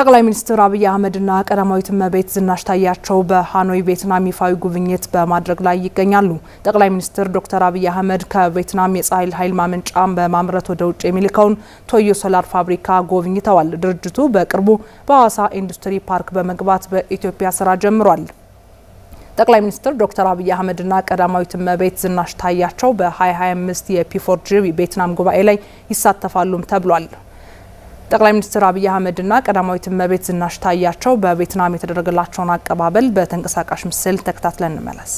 ጠቅላይ ሚኒስትር አብይ አህመድና ቀዳማዊት እመቤት ዝናሽ ታያቸው በሃኖይ ቬትናም ይፋዊ ጉብኝት በማድረግ ላይ ይገኛሉ። ጠቅላይ ሚኒስትር ዶክተር አብይ አህመድ ከቬትናም የፀሐይ ኃይል ማመንጫ በማምረት ወደ ውጭ የሚልከውን ቶዮ ሶላር ፋብሪካ ጎብኝተዋል። ድርጅቱ በቅርቡ በሐዋሳ ኢንዱስትሪ ፓርክ በመግባት በኢትዮጵያ ስራ ጀምሯል። ጠቅላይ ሚኒስትር ዶክተር አብይ አህመድና ቀዳማዊት እመቤት ዝናሽ ታያቸው በ2025 የፒፎርጅ ቬትናም ጉባኤ ላይ ይሳተፋሉም ተብሏል። ጠቅላይ ሚኒስትር አብይ አህመድና ቀዳማዊት እመቤት ዝናሽ ታያቸው በቬትናም የተደረገላቸውን አቀባበል በተንቀሳቃሽ ምስል ተከታትለን እንመለስ።